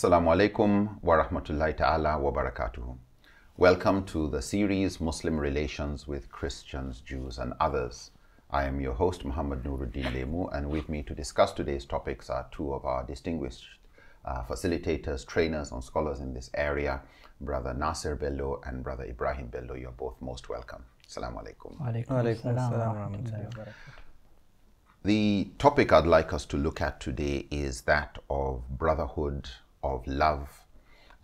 Assalamu alaikum wa rahmatullahi ta'ala wa barakatuhu. Welcome to the series Muslim Relations with Christians, Jews and Others. I am your host Muhammad Nuruddin Lemu and with me to discuss today's topics are two of our distinguished uh, facilitators, trainers and scholars in this area, Brother Nasir Bello and Brother Ibrahim Bello. You're both most welcome. Assalamu alaikum. the topic I'd like us to look at today is that of brotherhood of love.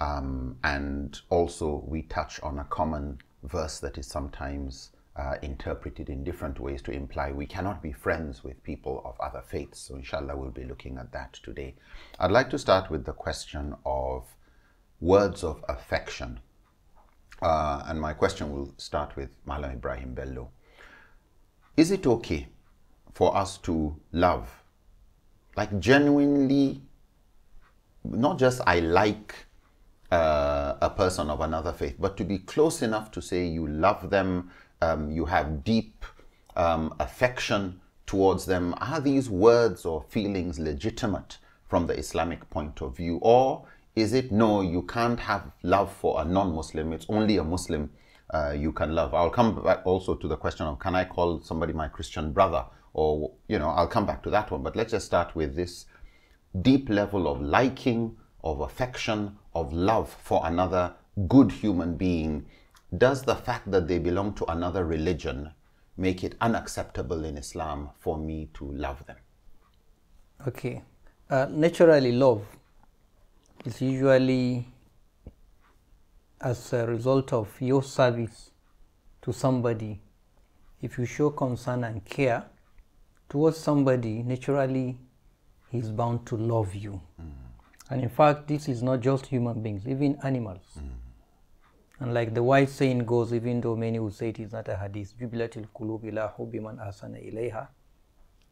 Um, and also, we touch on a common verse that is sometimes uh, interpreted in different ways to imply we cannot be friends with people of other faiths. So, inshallah, we'll be looking at that today. I'd like to start with the question of words of affection. Uh, and my question will start with Malam Ibrahim Bello. Is it okay for us to love, like genuinely not just I like uh, a person of another faith, but to be close enough to say you love them, um, you have deep um, affection towards them. Are these words or feelings legitimate from the Islamic point of view? Or is it no, you can't have love for a non Muslim, it's only a Muslim uh, you can love? I'll come back also to the question of can I call somebody my Christian brother? Or, you know, I'll come back to that one, but let's just start with this deep level of liking, of affection, of love for another good human being, does the fact that they belong to another religion make it unacceptable in Islam for me to love them? Okay. Uh, naturally, love is usually as a result of your service to somebody. If you show concern and care towards somebody, naturally he's bound to love you. Mm. And in fact, this is not just human beings, even animals. Mm. And like the wise saying goes, even though many would say it is not a hadith, asana ilayha,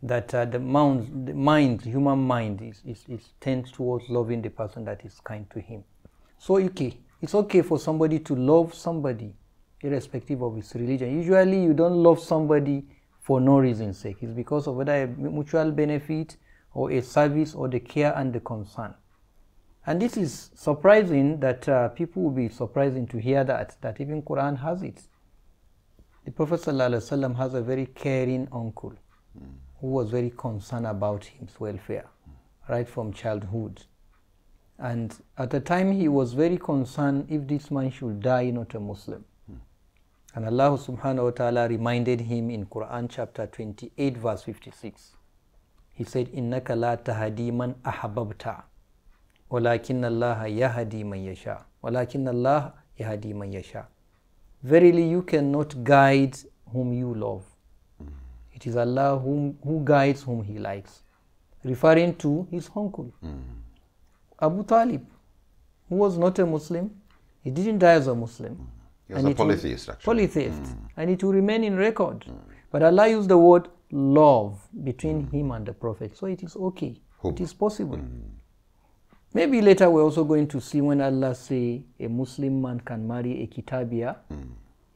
that uh, the, mind, the mind, human mind, is, is, is tends towards loving the person that is kind to him. So okay, it's okay for somebody to love somebody, irrespective of his religion. Usually, you don't love somebody for no reason's sake. It's because of whether a mutual benefit or a service or the care and the concern. And this is surprising that uh, people will be surprising to hear that, that even Quran has it. The Prophet ﷺ has a very caring uncle mm. who was very concerned about his welfare mm. right from childhood. And at the time he was very concerned if this man should die not a Muslim. And Allah subhanahu wa ta'ala reminded him in Quran chapter 28 verse 56. He said, Innaka la tahdi man ahbabta, walakin Allah yahdi man yasha. Walakin Allah yahdi man yasha. Verily you cannot guide whom you love. It is Allah whom, who guides whom He likes. Referring to his uncle, mm. Abu Talib, who was not a Muslim. He didn't die as a Muslim. Mm. He was and a polytheist, will, Polytheist. Mm. And it will remain in record. But Allah used the word love between mm. him and the prophet. So it is okay. Hope. It is possible. Mm. Maybe later we're also going to see when Allah say a Muslim man can marry a kitabia, mm.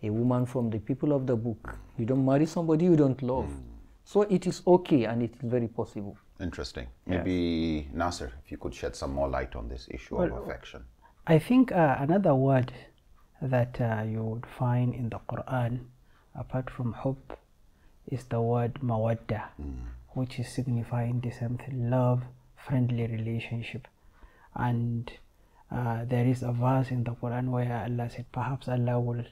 a woman from the people of the book. You don't marry somebody you don't love. Mm. So it is okay and it is very possible. Interesting. Maybe yeah. Nasser, if you could shed some more light on this issue well, of affection. I think uh, another word that uh, you would find in the Quran, apart from hope, is the word mawadda, mm. which is signifying the same thing, love, friendly relationship. And uh, there is a verse in the Quran where Allah said, perhaps Allah will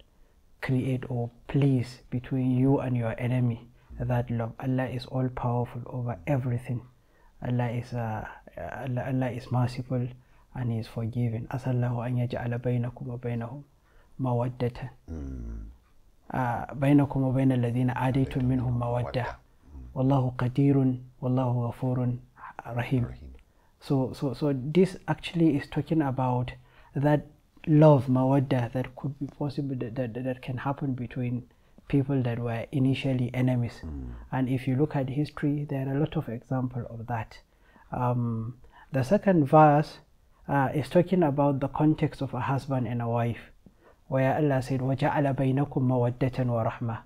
create or place between you and your enemy that love. Allah is all powerful over everything. Allah is uh, Allah, Allah is merciful and He is forgiving. As Allah yaj'ala bainakum wa bainahum بينكم وبين الذين عاديتم منهم مودة والله قدير والله غفور رحيم so so so this actually is talking about that love mawadda that could be possible that, that, that can happen between people that were initially enemies mm. and if you look at history there are a lot of examples of that um, the second verse uh, is talking about the context of a husband and a wife where Allah said, وَجَعَلَ بَيْنَكُمْ مَوَدَّةً وَرَحْمَةً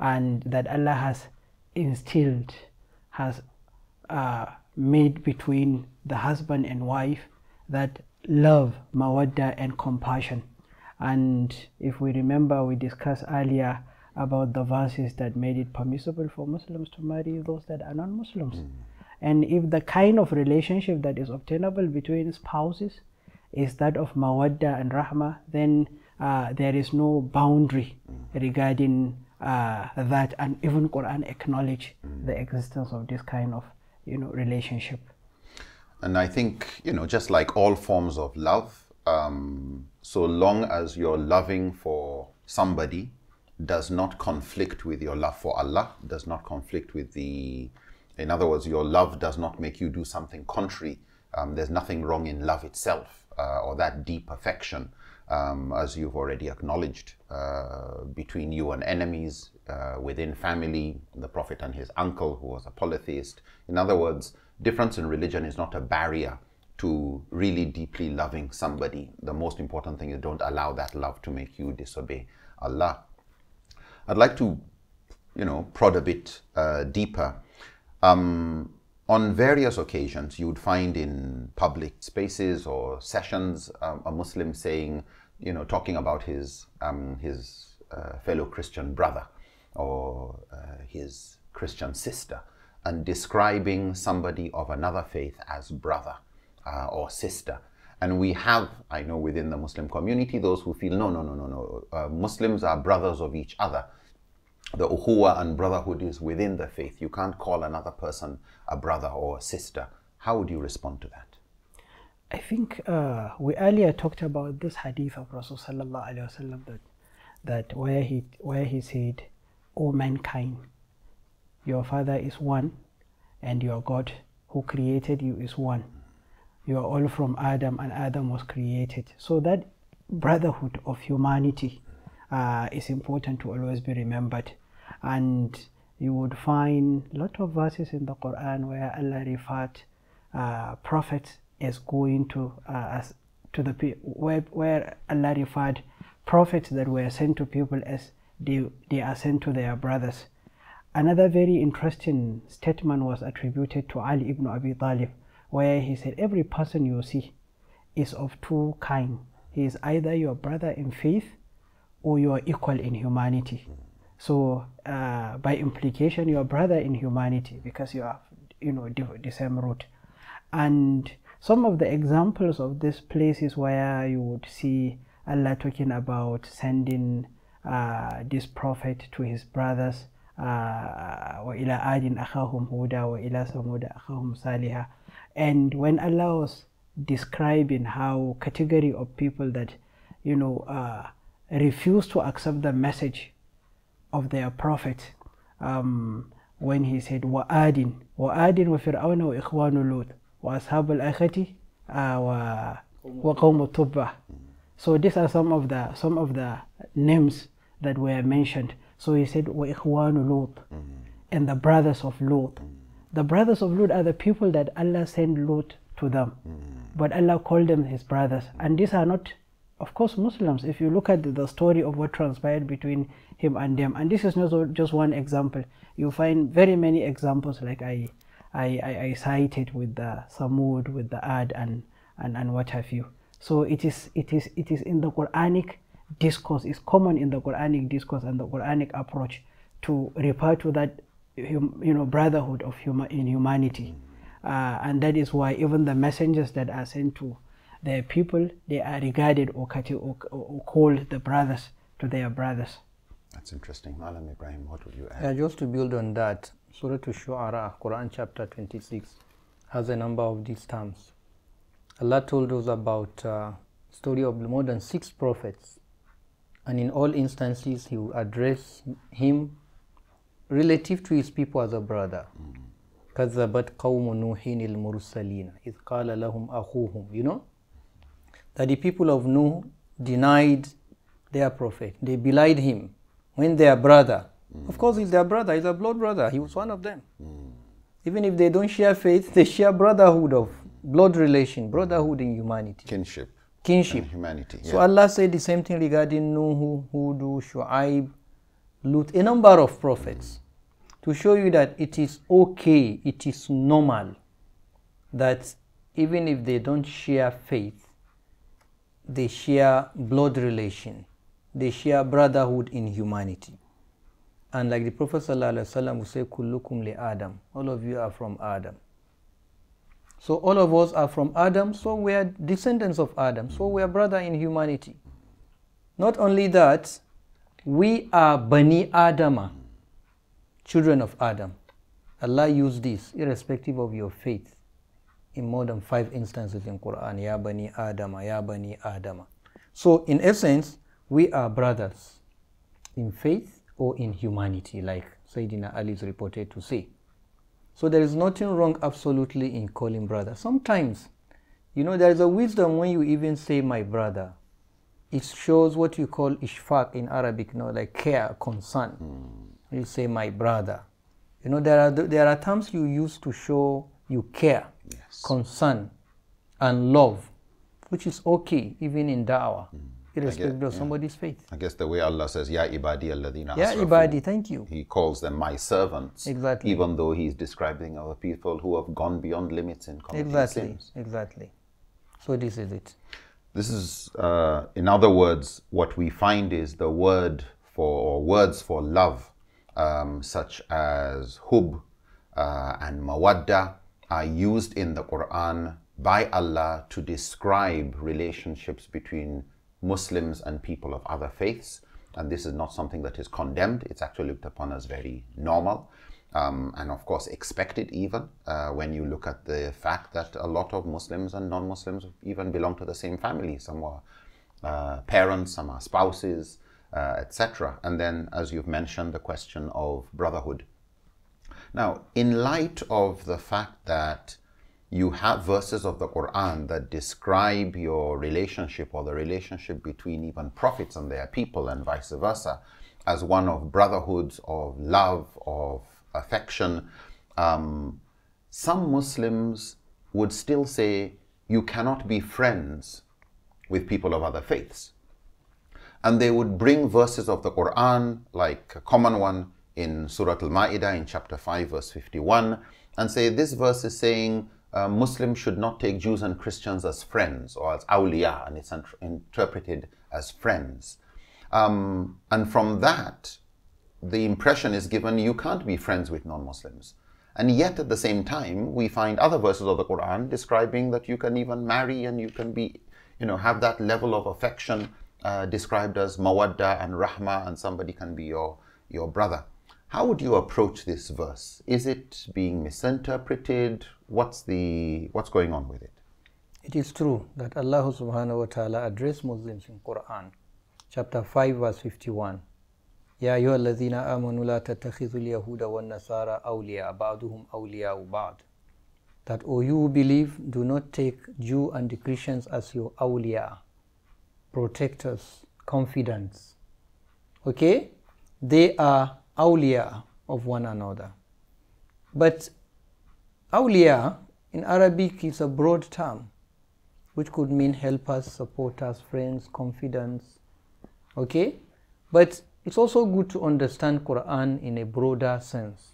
And that Allah has instilled, has uh, made between the husband and wife that love, mawadda and compassion. And if we remember, we discussed earlier about the verses that made it permissible for Muslims to marry those that are non-Muslims. Mm. And if the kind of relationship that is obtainable between spouses is that of mawadda and rahma, then uh, there is no boundary regarding uh, that, and even Quran acknowledge the existence of this kind of you know relationship. And I think you know, just like all forms of love, um, so long as you're loving for somebody does not conflict with your love for Allah, does not conflict with the, in other words, your love does not make you do something contrary. Um, there's nothing wrong in love itself uh, or that deep affection um, as you've already acknowledged, uh, between you and enemies, uh, within family, the Prophet and his uncle, who was a polytheist. In other words, difference in religion is not a barrier to really deeply loving somebody. The most important thing is don't allow that love to make you disobey Allah. I'd like to, you know, prod a bit uh, deeper. Um, on various occasions, you would find in public spaces or sessions um, a Muslim saying, you know, talking about his, um, his uh, fellow Christian brother or uh, his Christian sister and describing somebody of another faith as brother uh, or sister. And we have, I know within the Muslim community, those who feel, no, no, no, no, no, uh, Muslims are brothers of each other the uhuwa and brotherhood is within the faith. You can't call another person a brother or a sister. How would you respond to that? I think uh, we earlier talked about this hadith of Rasulullah that that where he where he said, "O mankind, your Father is one, and your God who created you is one. You are all from Adam, and Adam was created. So that brotherhood of humanity uh, is important to always be remembered and you would find a lot of verses in the Quran where Allah referred uh, prophets as going to uh, as to the where where Allah referred prophets that were sent to people as they, they are sent to their brothers. Another very interesting statement was attributed to Ali ibn Abi Talib, where he said, Every person you see is of two kinds. He is either your brother in faith or you are equal in humanity so uh, by implication your brother in humanity because you have you know the same root and some of the examples of these places where you would see allah talking about sending uh, this prophet to his brothers وإلى آد أخاهم هودا وإلى ثمود أخاهم salihah. and when Allah was describing how category of people that you know uh, to accept the message of their prophet um, when he said وَآدٍ وَآدٍ وَفِرْعَوْنَ وَإِخْوَانُ لُوطٍ وَأَصْحَابُ الْأَخَةِ وَقَوْمُ So these are some of the some of the names that were mentioned. So he said وَإِخْوَانُ لُوطٍ mm-hmm. and the brothers of Lot. The brothers of Lot are the people that Allah sent Lot to them. Mm-hmm. But Allah called them his brothers. And these are not of course Muslims if you look at the story of what transpired between him and them and this is not just one example you find very many examples like I I, I, I cited with the Samud with the Ad and, and and what have you so it is it is it is in the Quranic discourse is common in the Quranic discourse and the Quranic approach to refer to that you know brotherhood of human in humanity uh, and that is why even the messengers that are sent to their people, they are regarded or, or, or called the brothers to their brothers. That's interesting. Malam Ibrahim, what would you add? Yeah, just to build on that, Surah Shu'ara, Quran chapter 26, has a number of these terms. Allah told us about uh, story of more than six prophets, and in all instances, He will address him relative to his people as a brother. كذبت قوم نوح المرسلين إذ قال لهم أخوهم you know that the people of Nuh denied their prophet. They belied him when their brother, mm. of course, he's their brother, he's a blood brother, he was one of them. Mm. Even if they don't share faith, they share brotherhood of blood relation, brotherhood in humanity. Kinship. Kinship. And humanity. Yeah. So Allah said the same thing regarding Nuh, Hudu, Shu'aib, Lut, a number of prophets mm. to show you that it is okay, it is normal that even if they don't share faith, the sheer blood relation, the sheer brotherhood in humanity. And like the Prophet ﷺ will say, Kullukum li Adam, all of you are from Adam. So all of us are from Adam, so we are descendants of Adam, so we are brother in humanity. Not only that, we are Bani Adama, children of Adam. Allah used this, irrespective of your faith in more than five instances in Quran, Ya Bani Adama, Ya Bani Adama. So in essence, we are brothers in faith or in humanity, like Sayyidina Ali is reported to say. So there is nothing wrong absolutely in calling brother. Sometimes, you know, there is a wisdom when you even say my brother. It shows what you call ishfaq in Arabic, you know, like care, concern. Mm. You say my brother. You know, there are, there are terms you use to show you care concern, and love, which is okay even in da'wah, mm. irrespective guess, of somebody's yeah. faith. I guess the way Allah says, Ya ibadi alladina Ya asrafu, ibadi, thank you. He calls them my servants. Exactly. Even though he's describing our people who have gone beyond limits in committing exactly, sins. Exactly. So this is it. This is, uh, in other words, what we find is the word for or words for love, um, such as hub uh, and mawadda, are used in the Quran by Allah to describe relationships between Muslims and people of other faiths. And this is not something that is condemned, it's actually looked upon as very normal. Um, and of course, expected even uh, when you look at the fact that a lot of Muslims and non Muslims even belong to the same family. Some are uh, parents, some are spouses, uh, etc. And then, as you've mentioned, the question of brotherhood now, in light of the fact that you have verses of the Quran that describe your relationship or the relationship between even prophets and their people and vice versa as one of brotherhoods, of love, of affection, um, some Muslims would still say you cannot be friends with people of other faiths. And they would bring verses of the Quran, like a common one, in Surah Al-Ma'idah in chapter 5 verse 51 and say this verse is saying uh, Muslims should not take Jews and Christians as friends or as awliya and it's interpreted as friends. Um, and from that, the impression is given you can't be friends with non-Muslims. And yet at the same time, we find other verses of the Quran describing that you can even marry and you can be, you know, have that level of affection uh, described as mawadda and rahma and somebody can be your, your brother. How would you approach this verse? Is it being misinterpreted? What's, the, what's going on with it? It is true that Allah subhanahu wa ta'ala addressed Muslims in Quran, chapter 5, verse 51. Ya يا أيها الذين آمنوا yahuda تتخذوا nasara awliya أولياء بعضهم أولياء Ubad, that O you you believe do not take Jew and the Christians as your awliya, protectors, confidants. Okay? They are awliya of one another. But awliya in Arabic is a broad term which could mean helpers, supporters, friends, confidants. Okay? But it's also good to understand Quran in a broader sense.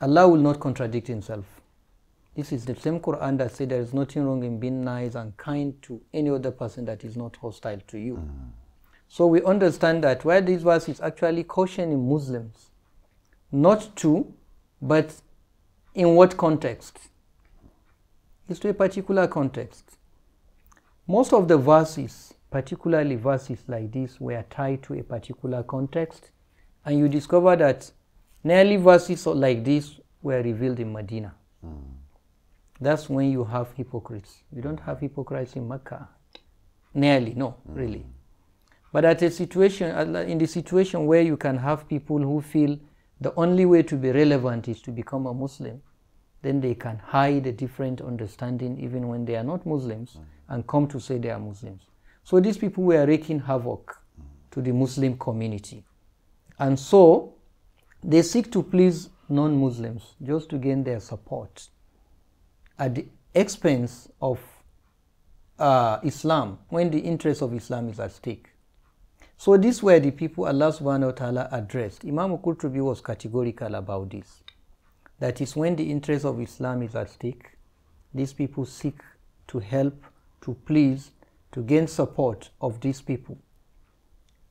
Allah will not contradict himself. This is the same Quran that says there is nothing wrong in being nice and kind to any other person that is not hostile to you. Mm. So we understand that where this verse is actually cautioning Muslims not to, but in what context? It's to a particular context. Most of the verses, particularly verses like this, were tied to a particular context, and you discover that nearly verses like this were revealed in Medina. Mm. That's when you have hypocrites. You don't have hypocrites in Mecca. Nearly, no, mm. really. But at a situation, in the situation where you can have people who feel the only way to be relevant is to become a Muslim, then they can hide a different understanding even when they are not Muslims mm. and come to say they are Muslims. So these people were wreaking havoc to the Muslim community. And so they seek to please non Muslims just to gain their support at the expense of uh, Islam when the interest of Islam is at stake. So these were the people Allah subhanahu wa ta'ala addressed. Imam Qurtubi was categorical about this. That is when the interest of Islam is at stake, these people seek to help, to please, to gain support of these people.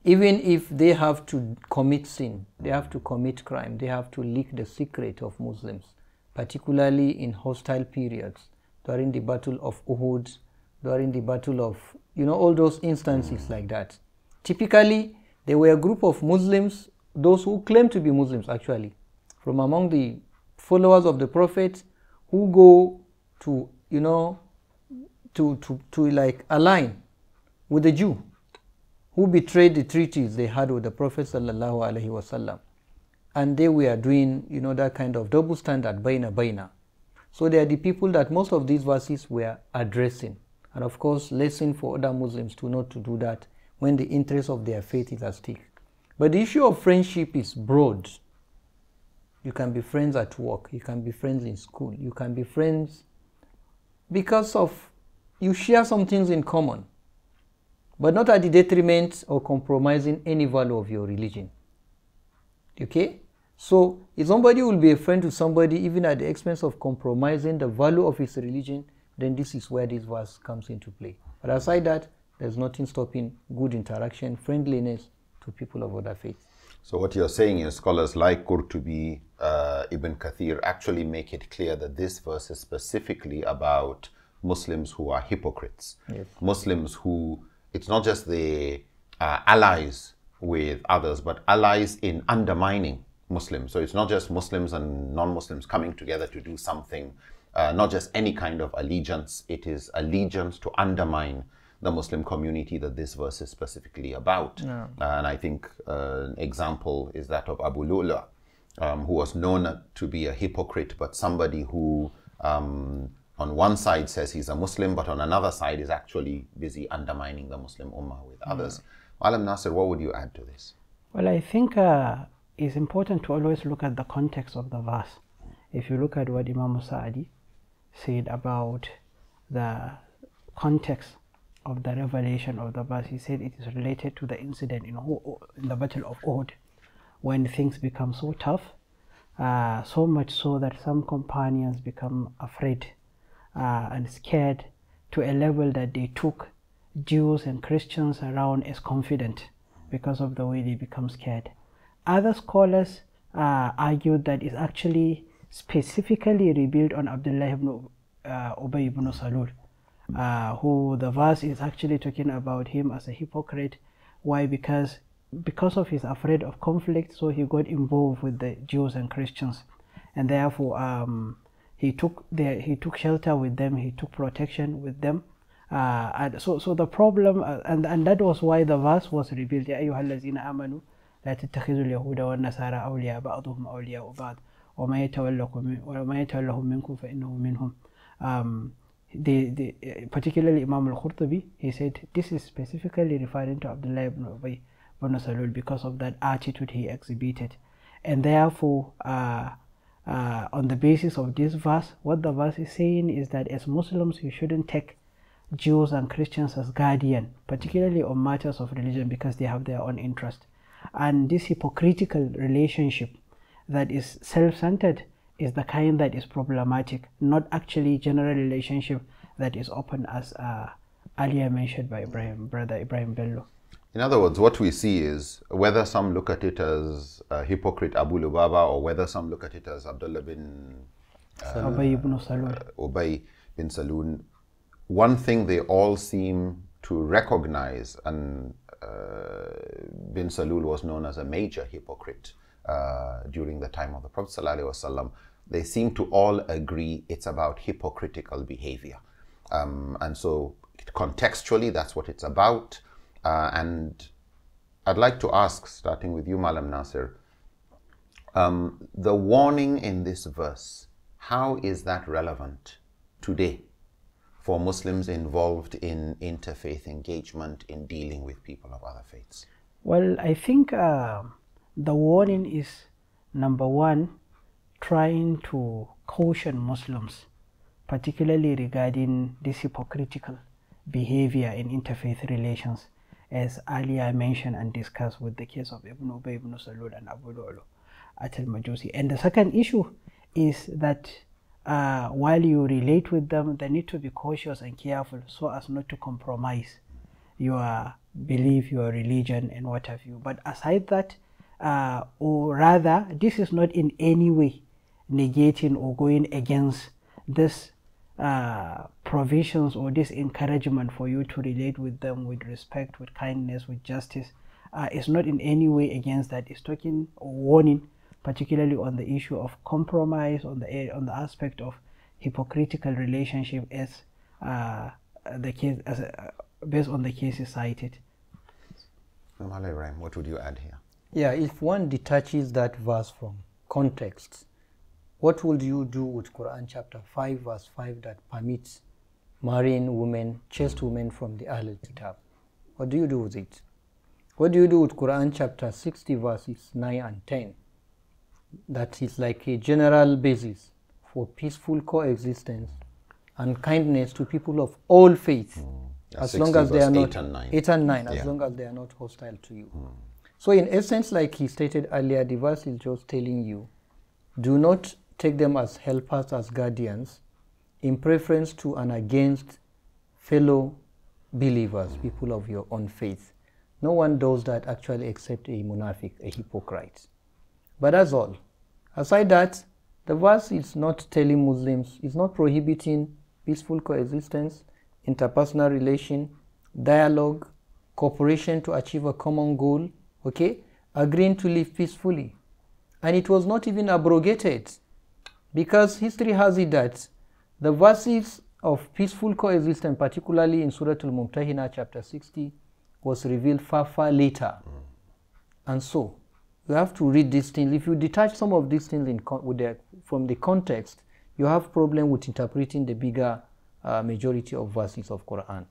Even if they have to commit sin, they have to commit crime, they have to leak the secret of Muslims, particularly in hostile periods, during the Battle of Uhud, during the Battle of, you know, all those instances like that. Typically, they were a group of Muslims, those who claim to be Muslims actually, from among the followers of the Prophet who go to, you know, to, to, to like align with the Jew who betrayed the treaties they had with the Prophet sallallahu alaihi wasallam. And they were doing, you know, that kind of double standard, baina baina. So they are the people that most of these verses were addressing. And of course, lesson for other Muslims to not to do that when the interest of their faith is at stake. But the issue of friendship is broad. You can be friends at work, you can be friends in school, you can be friends because of you share some things in common, but not at the detriment or compromising any value of your religion. Okay? So, if somebody will be a friend to somebody even at the expense of compromising the value of his religion, then this is where this verse comes into play. But aside that, there's nothing stopping good interaction, friendliness to people of other faiths. So what you're saying is scholars like Qurtubi, uh, Ibn Kathir actually make it clear that this verse is specifically about Muslims who are hypocrites. Yes. Muslims who, it's not just the uh, allies with others, but allies in undermining Muslims. So it's not just Muslims and non-Muslims coming together to do something, uh, not just any kind of allegiance. It is allegiance to undermine the Muslim community that this verse is specifically about. and I think uh, an example is that of Abu Lu'la, um, who was known to be a hypocrite, but somebody who um, on one side says he's a Muslim, but on another side is actually busy undermining the Muslim Ummah with others. Yeah. Alam Nasir, what would you add to this? Well, I think uh, it's important to always look at the context of the verse. If you look at what Imam Musaadi said about the context of the revelation of the verse, he said it is related to the incident in, in the Battle of Uhud when things become so tough, uh, so much so that some companions become afraid uh, and scared to a level that they took Jews and Christians around as confident because of the way they become scared. Other scholars uh, argued that it's actually specifically revealed on Abdullah ibn uh, Ubay ibn Salul uh, who the verse is actually talking about him as a hypocrite. Why? Because because of his afraid of conflict, so he got involved with the Jews and Christians, and therefore um, he took their, he took shelter with them, he took protection with them. Uh, and so, so the problem, uh, and, and that was why the verse was revealed. amanu, يا أيها الذين آمنوا لا تتخذوا اليهود والنصارى أولياء بعضهم أولياء بعض وما يتولكم وما يتولهم منكم فإنه منهم. Um, the, the, uh, particularly Imam al-Qurtubi, he said this is specifically referring to Abdullah ibn Ubay ibn Salul because of that attitude he exhibited. And therefore, uh, uh, on the basis of this verse, what the verse is saying is that as Muslims, you shouldn't take Jews and Christians as guardian, particularly on matters of religion because they have their own interest. And this hypocritical relationship that is self-centered is the kind that is problematic, not actually general relationship that is open as uh, earlier mentioned by Ibrahim, brother Ibrahim Bello. In other words, what we see is whether some look at it as hypocrite Abu Lubaba or whether some look at it as Abdullah bin uh, ibn Salun. Uh, Ubay bin Salun. One thing they all seem to recognize, and uh, bin Salul was known as a major hypocrite uh, during the time of the Prophet they seem to all agree it's about hypocritical behavior. Um, and so contextually, that's what it's about. Uh, and I'd like to ask, starting with you, Malam Nasir, um, the warning in this verse, how is that relevant today for Muslims involved in interfaith engagement in dealing with people of other faiths? Well, I think uh, the warning is number one, trying to caution Muslims, particularly regarding this hypocritical behavior in interfaith relations, as earlier mentioned and discussed with the case of Ibn Ubay ibn Salul and Abu Lu'lu at al Majusi. And the second issue is that uh, while you relate with them, they need to be cautious and careful so as not to compromise your belief, your religion, and what have you. But aside that, uh, or rather, this is not in any way negating or going against this uh, provisions or this encouragement for you to relate with them with respect, with kindness, with justice uh, is not in any way against that. It's talking or warning, particularly on the issue of compromise, on the on the aspect of hypocritical relationship, as uh, the case as uh, based on the cases cited. what would you add here? Yeah, if one detaches that verse from context, what would you do with Quran chapter 5 verse 5 that permits marrying women, chaste women from the Ahlul Kitab? What do you do with it? What do you do with Quran chapter 60 verses 9 and 10? That is like a general basis for peaceful coexistence and kindness to people of all faiths, mm. as long as they are not eight and nine, eight and nine yeah. as long as they are not hostile to you. Mm. So, in essence, like he stated earlier, the verse is just telling you, do not take them as helpers, as guardians, in preference to and against fellow believers, people of your own faith. No one does that actually except a monarchic, a hypocrite. But that's all. Aside that, the verse is not telling Muslims, it's not prohibiting peaceful coexistence, interpersonal relation, dialogue, cooperation to achieve a common goal, okay, agreeing to live peacefully. And it was not even abrogated because history has it that the verses of peaceful coexistence, particularly in Surah Al-Mumtahina chapter 60, was revealed far, far later. Mm. And so, you have to read these things. If you detach some of these things the, from the context, you have problem with interpreting the bigger uh, majority of verses of Quran.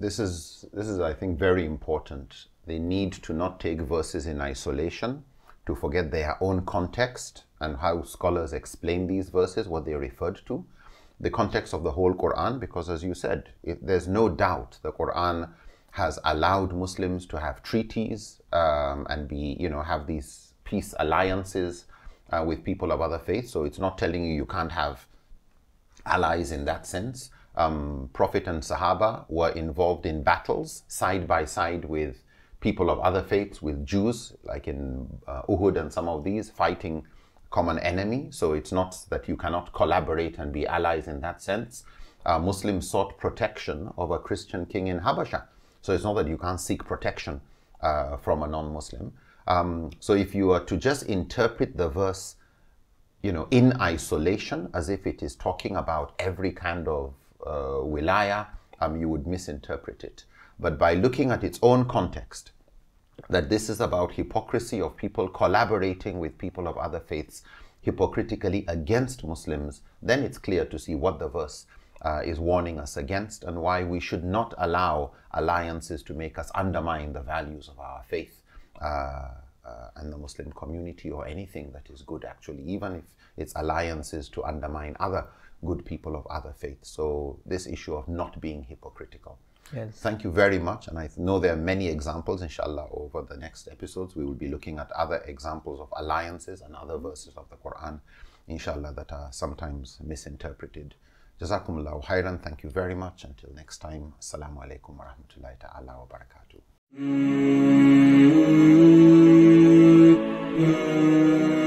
This is, this is, I think, very important. They need to not take verses in isolation to forget their own context and how scholars explain these verses, what they are referred to, the context of the whole Quran, because as you said, it, there's no doubt the Quran has allowed Muslims to have treaties um, and be, you know, have these peace alliances uh, with people of other faiths. So it's not telling you you can't have allies in that sense. Um, Prophet and Sahaba were involved in battles side by side with people of other faiths, with Jews, like in uh, Uhud and some of these, fighting common enemy. So it's not that you cannot collaborate and be allies in that sense. Uh, Muslims sought protection of a Christian king in Habasha. So it's not that you can't seek protection uh, from a non-Muslim. Um, so if you are to just interpret the verse, you know, in isolation, as if it is talking about every kind of uh, wilaya, um, you would misinterpret it but by looking at its own context, that this is about hypocrisy of people collaborating with people of other faiths hypocritically against Muslims, then it's clear to see what the verse uh, is warning us against and why we should not allow alliances to make us undermine the values of our faith. Uh, uh, and the Muslim community or anything that is good, actually, even if it's alliances to undermine other good people of other faiths. So, this issue of not being hypocritical. Yes. Thank you very much. And I know there are many examples, inshallah, over the next episodes. We will be looking at other examples of alliances and other verses of the Quran, inshallah, that are sometimes misinterpreted. Jazakumullahu khairan. Thank you very much. Until next time, Assalamu alaikum wa rahmatullahi ta'ala wa barakatuh. Mm-hmm. Mm-hmm.